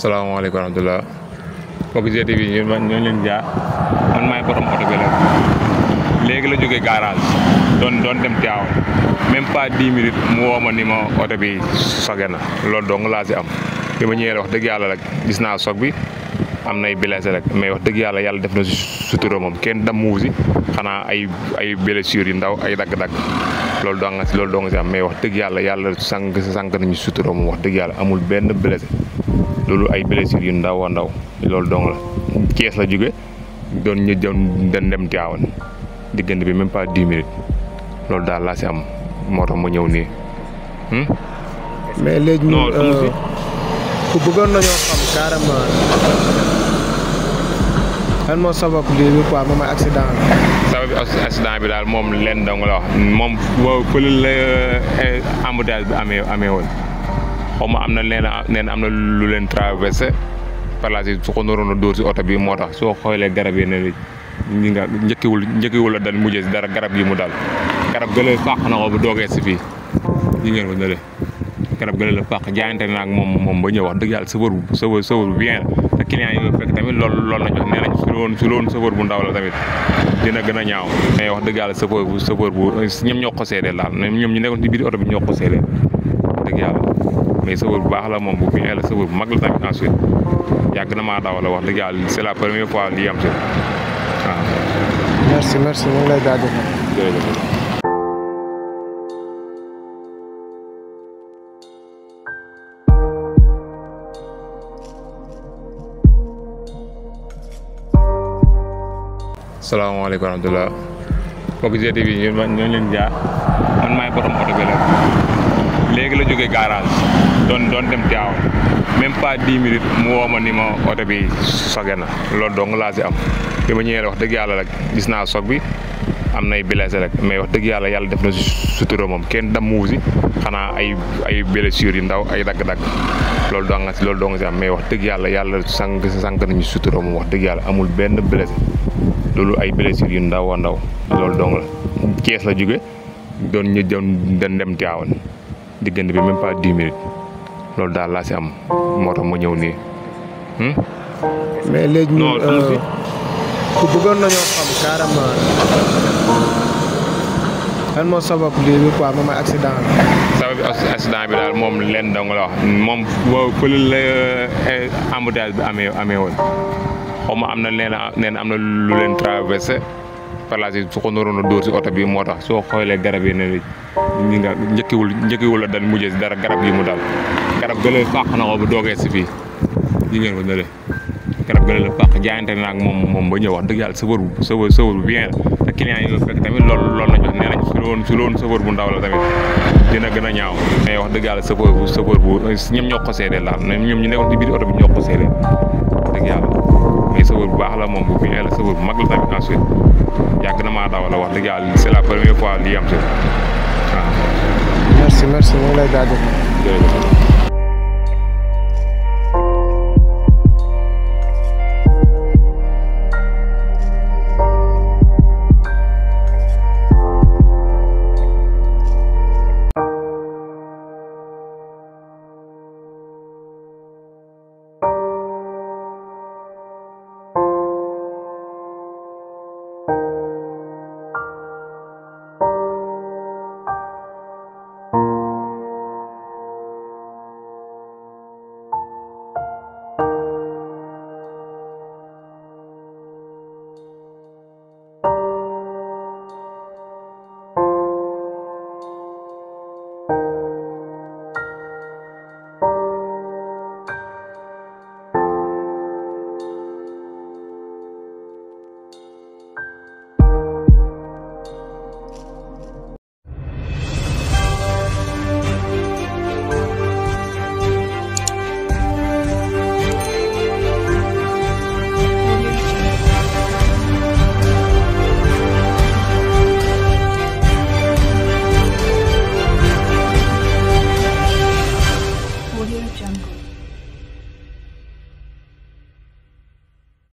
salaamaaleykum wa rahmatulah mbokk GTV bi la léegi la jógee garage doon doon dem Tiwaawan même pas dix minutes mu woo ma ni ma oto bi soge na loolu dong laa si am bi ma ñëwee wax dëgg yàlla rek gis naa soog bi am nay blessé rek mais wax dëgg yàlla yàlla def na si sutura moom kenn dammuwu si xanaa ay ay blessures yu ndaw ay dagg-dagg loolu doo nga si loolu doo nga si am mais wax dëgg yàlla yàlla sànq sànq nañu sutura wax dëgg yàlla amul benn blessé loolu ay blessures yu ndaw wa ndaw loolu dong la la jóge doon ñu doon dem Tivaouane diggante bi même pas dix minutes loolu daal laa si am moo tax ma ñëw nii. Hmm? mais léegi ñun euh, ku bëggoon nañoo xam carrément lan moo sabab lii bi quoi moom accident bi daal moom leen dong la wax moom fële la euh, embouteillage bi amee amee xaw ma am na nee na nee na am na lu leen traversé par la suite su ko naroon a dóor si oto bi moo tax soo xoolee garab yi ne ñi nga njëkkiwul njëkkiwul la dal mujjee dara garab yi mu daal garab gële fàq na ko bu doogee si fii ñi ngeen ko nële garab gële la fàq jaayante na ak moom moom ba ñëw wax dëgg yàlla sëfër bu sëfër sëfër bu bien te fekk tamit loolu loolu lañ wax nee loon su bu ndaw la tamit dina gën a ñaaw mais wax dëgg yàlla sëfër bu sëfër bu ñoom ñoo ko seedee laal ñoom ñu nekkoon ci biir oto bi ñoo ko seedee dëgg yàlla mais sëwër bu baax la moom bu bien la sëwër bu mag la tamit ensuite yàgg na maa dawal wax dëgg yàlla c'est la première fois lii am si merci merci ñu lay jaajëfal. jërëjëf. salaamaaleykum wa rahmatulah mbokk GTV ñu ñoo leen jaar man maay borom léegi la jóge garage doon doon dem Tiwaawan même pas dix minutes mu woo ma ni ma oto bi soge na lool dong laa si am bi ma ñëwee wax dëgg yàlla rek gis naa sog bi am nay blessé rek mais wax dëgg yàlla yàlla def na sutura moom kenn dammuwu si xanaa ay ay blessures yu ndaw ay dagg-dagg loolu doo nga si loolu doo nga si am mais wax dëgg yàlla yàlla sànq sànq nañu sutura moom wax dëgg yàlla amul benn blessé loolu ay blessures yu ndaw a ndaw loolu dong la Cees la jóge doon ñu doon dem Tiwaawan diggante bi même pas dix minutes loolu daal laa si am moo tax ma ñëw nii. Hmm? mais léegi ñun euh, ku bëggoon nañoo xam carrément lan moo sabab lii bi quoi moom accident bi. daal moom leen dong la wax moom fële la euh, embouteillage bi amee woon xaw na nee na am na lu leen traversé. par la suite su ko naroon a dóor si oto bi moo tax soo xoolee garab yi ne ñi nga njëkkiwul njëkkiwul la dal mujjee si dara garab yi mu dal garab gële fàq na ko bu doogee si fii ñi ngeen ko nële garab gële la fàq jaayante na ak moom moom ba ñëw wax dëgg yàlla sëfër bu sëfër sëfër bu bien la te yi la fekk tamit loolu loolu lañ wax nee nañ su loon su loon sëfër bu ndaw la tamit dina gën a ñaaw mais wax dëgg yàlla sëfër bu sëfër bu ñoom ñoo ko seedee laal ñoom ñu nekkoon ci oto bi ñoo ko seedee wax dëgg yàlla baax la moom bu bien la la suite yàgg na maa dawal wax dëgg yàlla c'est la première fois lii am si waaw. merci merci ñu ngi lay jaajëfal. jërëjëf.